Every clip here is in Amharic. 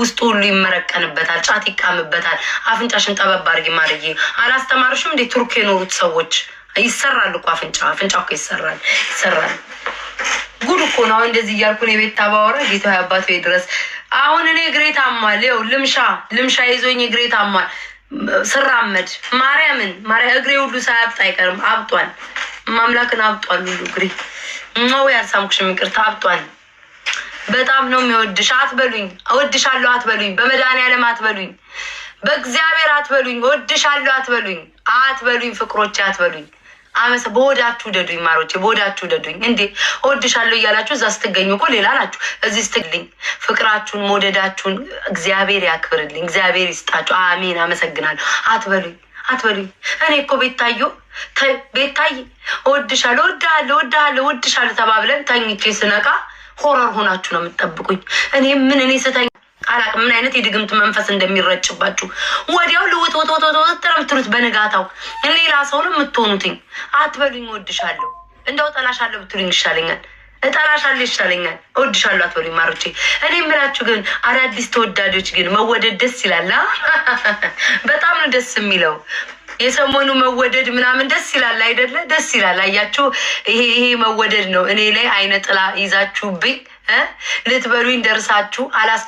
ውስጡ ሁሉ ይመረቀንበታል፣ ጫት ይቃምበታል። አፍንጫሽን ጠበብ አድርጊ ማርዬ። አላስተማርሽም እንዴ? ቱርክ የኖሩት ሰዎች ይሰራል እኮ አፍንጫ አፍንጫ እኮ ይሰራል ይሰራል። ጉድ እኮ ነው። አሁን እንደዚህ እያልኩን የቤት ታባወራ ጌታ አባት ቤት ድረስ አሁን እኔ እግሬ ታሟል። ይኸው ልምሻ ልምሻ ይዞኝ እግሬ ታሟል። ስራመድ ማርያምን ማርያም እግሬ ሁሉ ሳያብጥ አይቀርም። አብጧል። ማምላክን አብጧል። ሁሉ እግሬ ነው ያልሳምኩሽም ይቅርታ አብጧል። በጣም ነው የሚወድሽ። አትበሉኝ፣ እወድሻለሁ አትበሉኝ። በመድኃኒዓለም አትበሉኝ። በእግዚአብሔር አትበሉኝ። እወድሻለሁ አትበሉኝ፣ አትበሉኝ። ፍቅሮቼ አትበሉኝ። አመሰ በወዳችሁ ውደዱኝ፣ ማሮቼ በወዳችሁ ውደዱኝ። እንዴ እወድሻለሁ እያላችሁ እዛ ስትገኙ እኮ ሌላ ናችሁ። እዚህ ስትልኝ ፍቅራችሁን መውደዳችሁን እግዚአብሔር ያክብርልኝ፣ እግዚአብሔር ይስጣችሁ። አሜን፣ አመሰግናለሁ። አትበሉኝ፣ አትበሉኝ። እኔ እኮ ቤታዮ ቤታይ እወድሻለሁ፣ እወድሃለሁ፣ እወድሃለሁ፣ እወድሻለሁ ተባብለን ተኝቼ ስነቃ ሆረር ሆናችሁ ነው የምጠብቁኝ። እኔ ምን እኔ ስተኛ አላቅ ምን አይነት የድግምት መንፈስ እንደሚረጭባችሁ ወዲያው ልውጥ ወጥ ምትሉት በንጋታው ሌላ ሰው ነው የምትሆኑትኝ። አትበሉኝ፣ ወድሻለሁ፣ እንደው ጠላሻለሁ ብትሉኝ ይሻለኛል። እጠላሻለሁ ይሻለኛል፣ እወድሻለሁ አትበሉኝ ማሮቼ። እኔ የምላችሁ ግን አዳዲስ ተወዳጆች ግን መወደድ ደስ ይላል። በጣም ነው ደስ የሚለው የሰሞኑ መወደድ ምናምን ደስ ይላል አይደለ? ደስ ይላል። አያችሁ፣ ይሄ ይሄ መወደድ ነው። እኔ ላይ አይነ ጥላ ይዛችሁብኝ ልትበሉኝ ደርሳችሁ አላስ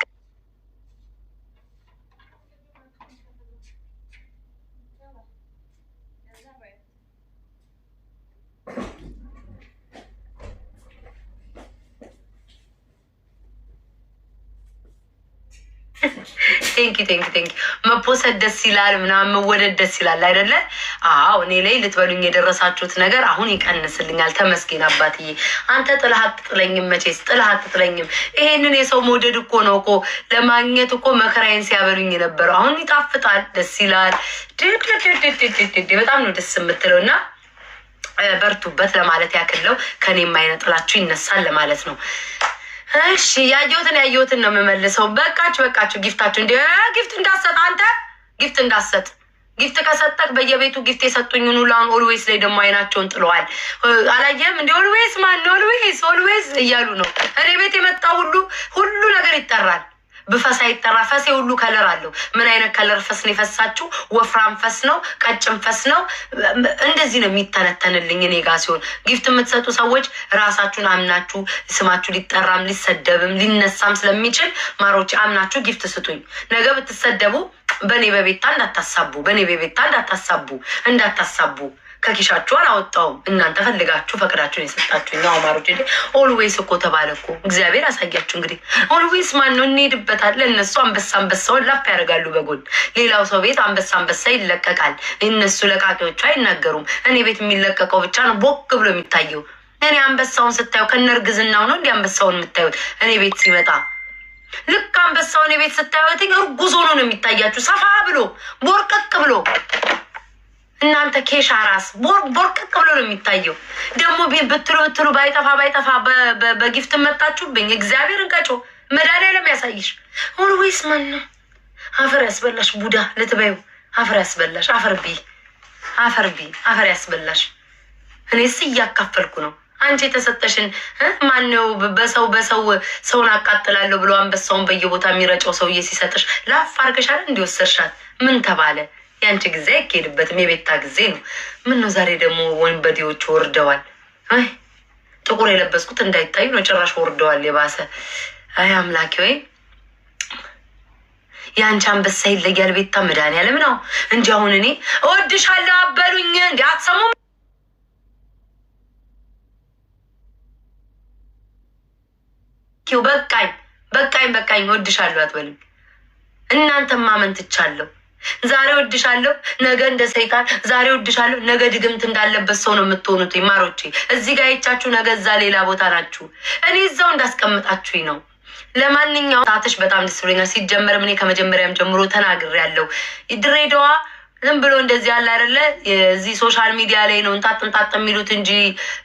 ቴንኪ ቴንኪ ቴንኪ። መፖሰት ደስ ይላል ምናምን መወደድ ደስ ይላል አይደለ? አዎ እኔ ላይ ልትበሉኝ የደረሳችሁት ነገር አሁን ይቀንስልኛል። ተመስገን አባትዬ። አንተ ጥለህ አትጥለኝም፣ መቼስ ጥለህ አትጥለኝም። ይሄንን የሰው መውደድ እኮ ነው እኮ ለማግኘት እኮ መከራዬን ሲያበሉኝ የነበረው አሁን ይጣፍጣል፣ ደስ ይላል። በጣም ነው ደስ የምትለው እና በርቱበት ለማለት ያክለው ከኔ የማይነጥላችሁ ይነሳል ለማለት ነው። እሺ ያየሁትን ያየሁትን ነው የምመልሰው። በቃችሁ በቃችሁ። ጊፍታችሁ እንዲ ጊፍት እንዳሰጥ አንተ ጊፍት እንዳሰጥ ጊፍት ከሰጠክ በየቤቱ ጊፍት የሰጡኝን ሁላውን ኦልዌይስ ላይ ደግሞ አይናቸውን ጥለዋል። አላየም እንዲ ኦልዌይስ ማን ኦልዌይስ ኦልዌይስ እያሉ ነው። እኔ ቤት የመጣ ሁሉ ሁሉ ነገር ይጠራል። ብፈሳ ይጠራ ፈሴ ሁሉ ከለር አለው። ምን አይነት ከለር ፈስ ነው የፈሳችሁ? ወፍራም ፈስ ነው? ቀጭን ፈስ ነው? እንደዚህ ነው የሚተነተንልኝ እኔ ሲሆን፣ ጊፍት የምትሰጡ ሰዎች ራሳችሁን አምናችሁ ስማችሁ ሊጠራም ሊሰደብም ሊነሳም ስለሚችል ማሮች አምናችሁ ጊፍት ስጡኝ። ነገ ብትሰደቡ በእኔ በቤታ እንዳታሳቡ፣ በእኔ በቤታ እንዳታሳቡ እንዳታሳቡ ከኪሻችሁ አላወጣውም። እናንተ ፈልጋችሁ ፈቅዳችሁን የሰጣችሁ ኛው አማሮች ሄ ኦልዌይስ እኮ ተባለ እኮ እግዚአብሔር አሳያችሁ። እንግዲህ ኦልዌይስ ማን ነው? እንሄድበታል። ለእነሱ አንበሳ አንበሳውን ላፍ ያደርጋሉ በጎን ሌላው ሰው ቤት አንበሳ አንበሳ ይለቀቃል። እነሱ ለቃቂዎቹ አይናገሩም። እኔ ቤት የሚለቀቀው ብቻ ነው ቦክ ብሎ የሚታየው። እኔ አንበሳውን ስታዩ ከነርግዝናው ነው እንዲህ አንበሳውን የምታዩት። እኔ ቤት ሲመጣ ልክ አንበሳውን የቤት ስታዩትኝ እርጉዝ ሆኖ ነው የሚታያችሁ ሰፋ ብሎ ቦርቀቅ ብሎ እናንተ ኬሻ ራስ ቦርቅቅ ብሎ ነው የሚታየው። ደግሞ ብትሉ ብትሉ ባይጠፋ ባይጠፋ በጊፍት መጣችሁብኝ። እግዚአብሔር እንቀጮ መድኃኒዓለም ያሳይሽ። ወይስ ማን ነው አፈር ያስበላሽ? ቡዳ ልትበዩ አፈር ያስበላሽ። አፈር ቢ አፈር ቢ አፈር ያስበላሽ። እኔስ እያካፈልኩ ነው። አንቺ የተሰጠሽን ማነው? በሰው በሰው ሰውን አቃጥላለሁ ብሎ አንበሳውን በየቦታ የሚረጨው ሰውዬ ሲሰጥሽ ላፍ አርገሻል እንዲወሰድሻት ምን ተባለ? የአንቺ ጊዜ አይካሄድበትም፣ የቤታ ጊዜ ነው። ምን ነው ዛሬ ደግሞ ወንበዴዎቹ ወርደዋል። ጥቁር የለበስኩት እንዳይታዩ ነው፣ ጭራሽ ወርደዋል። የባሰ አይ አምላኪ ወይ የአንቺ አንበሳ ይለያል። ቤታ መድኃኒዓለም ነው እንጂ አሁን እኔ እወድሻለሁ አበሉኝ እንዲ አትሰሙም። በቃኝ በቃኝ በቃኝ፣ እወድሻለሁ አትበልም። እናንተ ማመን ትቻለሁ። ዛሬ ወድሻለሁ፣ ነገ እንደ ሰይጣን፣ ዛሬ ወድሻለሁ፣ ነገ ድግምት እንዳለበት ሰው ነው የምትሆኑት። ማሮቼ እዚህ ጋር የቻችሁ ነገ እዛ ሌላ ቦታ ናችሁ። እኔ እዛው እንዳስቀምጣችሁኝ ነው። ለማንኛውም ሰዓትሽ በጣም ደስ ብሎኛል። ሲጀመርም እኔ ከመጀመሪያም ጀምሮ ያለው ድሬዳዋ ዝም ብሎ እንደዚህ ያለ አይደለ እዚህ ሶሻል ሚዲያ ላይ ነው እንጣጥ እንጣጥ የሚሉት እንጂ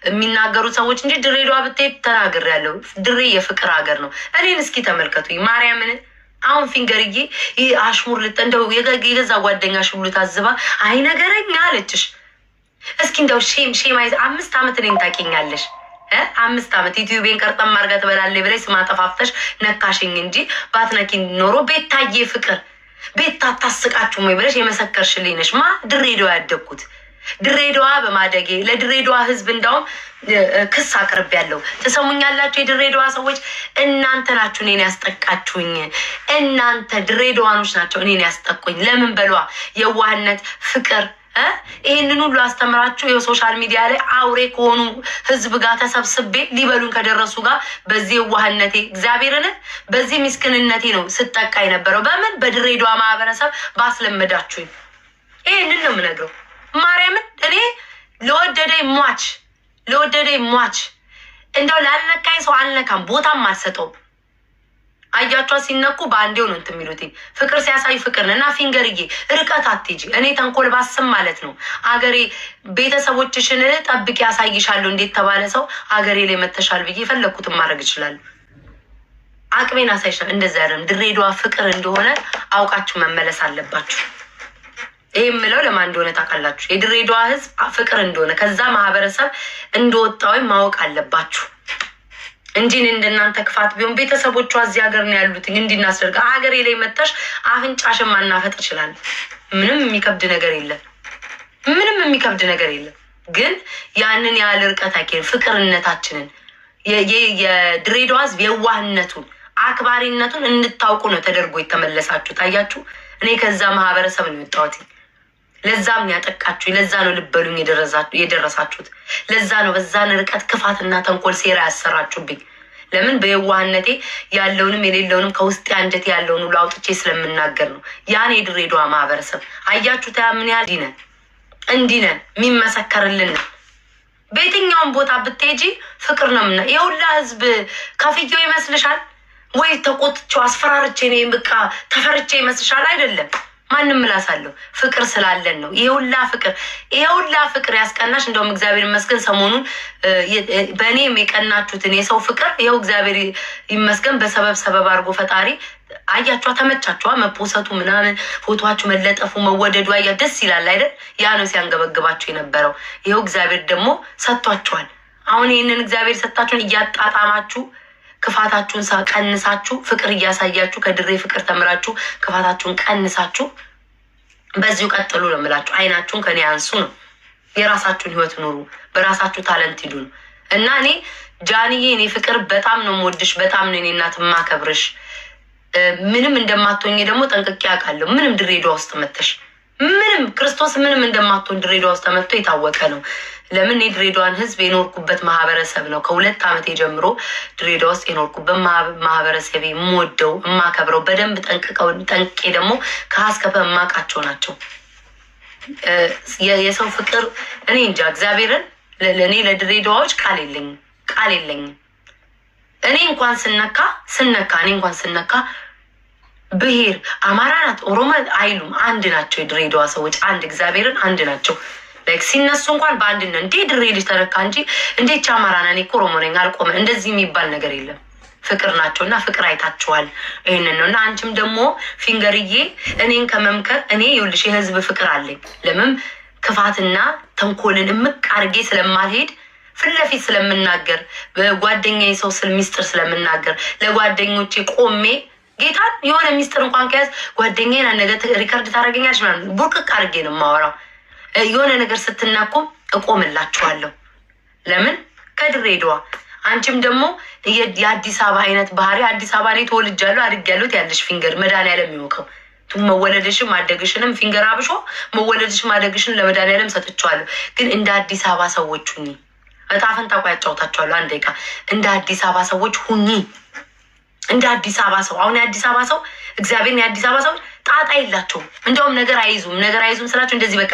የሚናገሩት ሰዎች እንጂ ድሬዳዋ ብትሄድ ያለው ድሬ የፍቅር ሀገር ነው። እኔን እስኪ ተመልከቱኝ ማርያምን አሁን ፊንገርዬ ይህ አሽሙር ልጠ እንደው የገዛ ጓደኛሽ ሁሉ ታዝባ አይ ነገረኛ አለችሽ። እስኪ እንደው ሼም ሼም አይ አምስት ዓመት እኔን ታውቂኛለሽ። አምስት ዓመት ዩቲዩቤን ቀርጠም አድርጋ ትበላለች ብለሽ ስም አጠፋፍተሽ ነካሽኝ እንጂ ባትነኪ ኖሮ ቤታዬ ፍቅር ቤት አታስቃችሁም ወይ ብለሽ የመሰከርሽልኝ ነሽ። ማ ድሬዳዋ ያደግኩት ድሬዳዋ በማደጌ ለድሬዳዋ ህዝብ እንዳውም ክስ አቅርቤያለሁ። ትሰሙኛላችሁ? የድሬዳዋ ሰዎች እናንተ ናችሁ እኔን ያስጠቃችሁኝ። እናንተ ድሬዳዋኖች ናቸው እኔን ያስጠቁኝ። ለምን በሏ የዋህነት ፍቅር ይህንን ሁሉ አስተምራችሁ የሶሻል ሚዲያ ላይ አውሬ ከሆኑ ህዝብ ጋር ተሰብስቤ ሊበሉን ከደረሱ ጋር በዚህ የዋህነቴ እግዚአብሔርን በዚህ ምስኪንነቴ ነው ስጠቃ የነበረው። በምን በድሬዳዋ ማህበረሰብ ባስለመዳችሁኝ። ይህንን ነው የምነግረው። ማርያምን እኔ ለወደደኝ ሟች ለወደደኝ ሟች እንደው ላልነካኝ ሰው አልነካም፣ ቦታም አልሰጠውም። አያቿ ሲነኩ በአንዴው ነው እንትን የሚሉት። ፍቅር ሲያሳዩ ፍቅር ነው እና ፊንገርዬ ርቀት አትጂ እኔ ተንኮል ባስም ማለት ነው አገሬ ቤተሰቦችሽን ጠብቅ ያሳይሻሉ። እንዴት ተባለ ሰው አገሬ ላይ መተሻል ብዬ የፈለግኩትን ማድረግ ይችላሉ። አቅሜን አሳይሻል። እንደዚ ያለም ድሬዳዋ ፍቅር እንደሆነ አውቃችሁ መመለስ አለባችሁ። ይህ የምለው ለማን እንደሆነ ታውቃላችሁ። የድሬዳዋ ህዝብ ፍቅር እንደሆነ ከዛ ማህበረሰብ እንደወጣ ወይም ማወቅ አለባችሁ እንዲን እንደናንተ ክፋት ቢሆን ቤተሰቦቿ እዚህ ሀገር ነው ያሉት እንዲናስደርግ ሀገሬ ላይ መጥተሽ አፍንጫሽን ማናፈጥ ይችላል። ምንም የሚከብድ ነገር የለም። ምንም የሚከብድ ነገር የለም። ግን ያንን ያህል ርቀት አይኬን ፍቅርነታችንን የድሬዳዋ ህዝብ የዋህነቱን አክባሪነቱን እንድታውቁ ነው ተደርጎ የተመለሳችሁ። ታያችሁ። እኔ ከዛ ማህበረሰብ ነው የወጣሁት። ለዛም ነው ያጠቃችሁ። ለዛ ነው ልበሉኝ የደረሳችሁት። ለዛ ነው በዛን ርቀት ክፋትና ተንኮል ሴራ ያሰራችሁብኝ። ለምን በየዋህነቴ ያለውንም የሌለውንም ከውስጥ አንጀት ያለውን ሁሉ አውጥቼ ስለምናገር ነው። ያን የድሬዳዋ ማህበረሰብ አያችሁ፣ ያ ምን ያህል እንዲነን እንዲነን የሚመሰከርልን በየትኛውም ቦታ ብትሄጂ ፍቅር ነው ምና የሁላ ህዝብ ከፍየው ይመስልሻል ወይ? ተቆጥቼው አስፈራርቼ ነው በቃ ተፈርቼ ይመስልሻል? አይደለም ማንም ምላሳለሁ ፍቅር ስላለን ነው። ይሄውላ ፍቅር ይሄውላ ፍቅር ያስቀናሽ። እንደውም እግዚአብሔር ይመስገን ሰሞኑን በእኔ የቀናችሁትን የሰው ፍቅር ይኸው እግዚአብሔር ይመስገን በሰበብ ሰበብ አድርጎ ፈጣሪ አያቸዋ ተመቻቸዋ። መፖሰቱ ምናምን ፎቶችሁ መለጠፉ መወደዱ አያ ደስ ይላል አይደል? ያ ነው ሲያንገበግባቸው የነበረው። ይኸው እግዚአብሔር ደግሞ ሰጥቷቸዋል። አሁን ይህንን እግዚአብሔር ሰጣችሁን እያጣጣማችሁ ክፋታችሁን ቀንሳችሁ ፍቅር እያሳያችሁ ከድሬ ፍቅር ተምራችሁ ክፋታችሁን ቀንሳችሁ በዚሁ ቀጥሉ ነው የምላችሁ። አይናችሁን ከኔ አንሱ ነው። የራሳችሁን ህይወት ኑሩ። በራሳችሁ ታለንት ሂዱ ነው እና እኔ ጃንዬ፣ እኔ ፍቅር በጣም ነው የምወድሽ፣ በጣም ነው እኔ እናት የማከብርሽ። ምንም እንደማትሆኝ ደግሞ ጠንቅቄ አውቃለሁ። ምንም ድሬዳዋ ውስጥ መተሽ ምንም ክርስቶስ ምንም እንደማትሆን ድሬዳዋ ውስጥ ተመቶ የታወቀ ነው። ለምን የድሬዳዋን ህዝብ የኖርኩበት ማህበረሰብ ነው። ከሁለት ዓመት ጀምሮ ድሬዳዋ ውስጥ የኖርኩበት ማህበረሰብ የምወደው የማከብረው በደንብ ጠንቅቀው ጠንቄ ደግሞ ከሀስከፈ የማውቃቸው ናቸው። የሰው ፍቅር እኔ እንጃ እግዚአብሔርን እኔ ለድሬዳዋዎች ቃል የለኝም ቃል የለኝም። እኔ እንኳን ስነካ ስነካ እኔ እንኳን ስነካ ብሄር አማራ ናት ኦሮሞ አይሉም። አንድ ናቸው። የድሬዳዋ ሰዎች አንድ እግዚአብሔርን አንድ ናቸው። ሲነሱ እንኳን በአንድነት እንዴ ድሬ ልጅ ተረካ እንጂ እንዴች አማራ ና እኮ ኦሮሞ ነኝ አልቆመ እንደዚህ የሚባል ነገር የለም። ፍቅር ናቸው እና ፍቅር አይታችኋል። ይህንን ነው እና አንቺም ደግሞ ፊንገርዬ እኔን ከመምከር እኔ ይኸውልሽ የህዝብ ፍቅር አለኝ። ለምን ክፋትና ተንኮልን እምቅ አርጌ ስለማልሄድ ፊት ለፊት ስለምናገር፣ በጓደኛዬ ሰው ስል ሚስጥር ስለምናገር ለጓደኞቼ ቆሜ ጌታን የሆነ ሚስጥር እንኳን ከያዝ ጓደኛዬን ነገ ሪከርድ ታደርገኛለች ምናምን ቡርቅቅ አድርጌ ነው የማወራው። የሆነ ነገር ስትናቁም እቆምላችኋለሁ። ለምን ከድሬዳዋ አንቺም ደግሞ የአዲስ አበባ አይነት ባህሪ አዲስ አበባ ላይ ተወልጃለሁ አድጌያለሁ ያለሽ ፊንገር መድኃኒዓለም የሚሞቀው መወለደሽም ማደግሽንም ፊንገር አብሾ መወለደሽም አደግሽን ለመድኃኒዓለም ሰጥቼዋለሁ። ግን እንደ አዲስ አበባ ሰዎች ሁኚ። እጣ ፈንታ እኮ ያጫውታችኋለሁ። አንድ ደቂቃ እንደ አዲስ አበባ ሰዎች ሁኚ። እንደ አዲስ አበባ ሰው አሁን የአዲስ አበባ ሰው እግዚአብሔርን የአዲስ አበባ ሰዎች ጣጣ የላቸውም። እንደውም ነገር አይዙም ነገር አይዙም ስላቸው እንደዚህ በቃ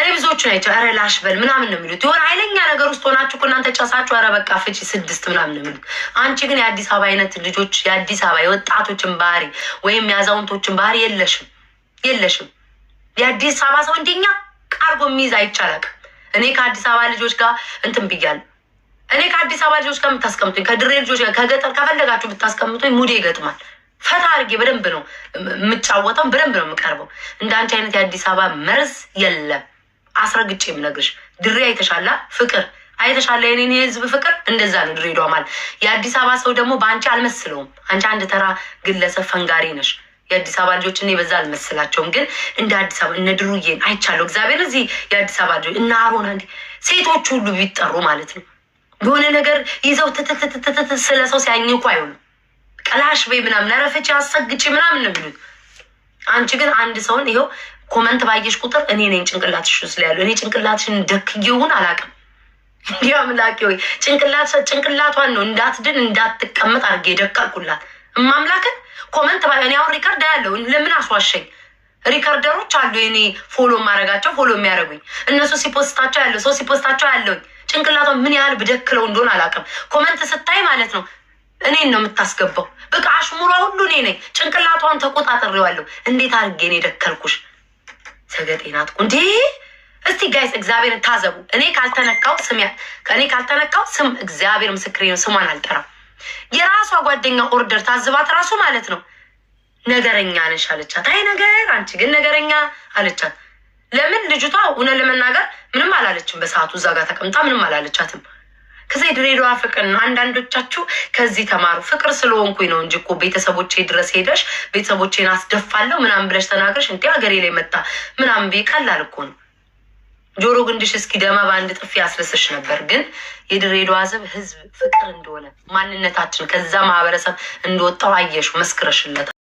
እኔ ብዙዎቹ ናቸው ረ ላሽበል ምናምን ነው የሚሉት። የሆነ ኃይለኛ ነገር ውስጥ ሆናችሁ እኮ እናንተ ጨሳችሁ ረ በቃ ፍቺ ስድስት ምናምን ነው የሚሉት። አንቺ ግን የአዲስ አበባ አይነት ልጆች የአዲስ አበባ የወጣቶችን ባህሪ ወይም የአዛውንቶችን ባህሪ የለሽም የለሽም። የአዲስ አበባ ሰው እንደኛ ቃርጎ የሚይዝ አይቻላቅም። እኔ ከአዲስ አበባ ልጆች ጋር እንትን ብያለሁ እኔ ከአዲስ አበባ ልጆች ጋር የምታስቀምጡኝ ከድሬ ልጆች ጋር ከገጠር ከፈለጋችሁ ብታስቀምጡኝ ሙዴ ይገጥማል። ፈታ አድርጌ በደንብ ነው የምጫወተው፣ በደንብ ነው የምቀርበው። እንደ አንቺ አይነት የአዲስ አበባ መርዝ የለም። አስረግጬ የምነግርሽ ድሬ አይተሻላ ፍቅር አይተሻለ የኔን የህዝብ ፍቅር እንደዛ ነው ድሬዳዋ ማለት። የአዲስ አበባ ሰው ደግሞ በአንቺ አልመስለውም። አንቺ አንድ ተራ ግለሰብ ፈንጋሪ ነሽ። የአዲስ አበባ ልጆች እኔ በዛ አልመስላቸውም። ግን እንደ አዲስ አበባ እነ ድሩዬን አይቻለሁ። እግዚአብሔር እዚህ የአዲስ አበባ ልጆች እነ አሮና ሴቶች ሁሉ ቢጠሩ ማለት ነው የሆነ ነገር ይዘው ትትትትትት ስለ ሰው ሲያኝኩ አይሆኑ ቀላሽ በይ ምናምን ረፈች አሰግጭ ምናምን ነው የሚሉት። አንቺ ግን አንድ ሰውን ይኸው ኮመንት ባየሽ ቁጥር እኔ ነኝ ጭንቅላትሽ ስለ ያሉ እኔ ጭንቅላትሽን ደክየውን አላውቅም። እንዲህ አምላኬ ወይ ጭንቅላት ጭንቅላቷን ነው እንዳትድን እንዳትቀመጥ አድርጌ ደቀልኩላት። እማምላክን ኮመንት ባ እኔ አሁን ሪከርድ ያለው ለምን አስዋሸኝ? ሪከርደሮች አሉ የኔ ፎሎ ማድረጋቸው ፎሎ የሚያደርጉኝ እነሱ ሲፖስታቸው ያለው ሰው ሲፖስታቸው ያለውኝ ጭንቅላቷ ምን ያህል ብደክለው እንደሆን አላውቅም። ኮመንት ስታይ ማለት ነው እኔን ነው የምታስገባው። በቃ አሽሙሯ ሁሉ እኔ ነኝ። ጭንቅላቷን ተቆጣጠሬዋለሁ። እንዴት አድርጌ እኔ ደከልኩሽ? ሰገጤናት እንዴ! እስቲ ጋይስ እግዚአብሔርን ታዘቡ። እኔ ካልተነካው ስም እኔ ካልተነካው ስም እግዚአብሔር ምስክሬ ነው ስሟን አልጠራም። የራሷ ጓደኛ ኦርደር ታዝባት ራሱ ማለት ነው ነገረኛ ነሽ አለቻት። አይ ነገር አንቺ ግን ነገረኛ አለቻት። ለምን ልጅቷ እውነት ለመናገር ምንም አላለችም። በሰዓቱ እዛ ጋር ተቀምጣ ምንም አላለቻትም። ከዛ የድሬዳዋ ፍቅር ነው። አንዳንዶቻችሁ ከዚህ ተማሩ። ፍቅር ስለሆንኩኝ ነው እንጂ እኮ ቤተሰቦቼ ድረስ ሄደሽ ቤተሰቦቼን አስደፋለሁ ምናምን ብለሽ ተናግረሽ እንዲ ሀገሬ ላይ መጣ ምናምን ብዬ ቀላል እኮ ነው። ጆሮ ግንድሽ እስኪ ደማ በአንድ ጥፊ ያስለስሽ ነበር። ግን የድሬዳዋ ሕዝብ ህዝብ ፍቅር እንደሆነ ማንነታችን ከዛ ማህበረሰብ እንደወጣው አየሹ መስክረሽለታል።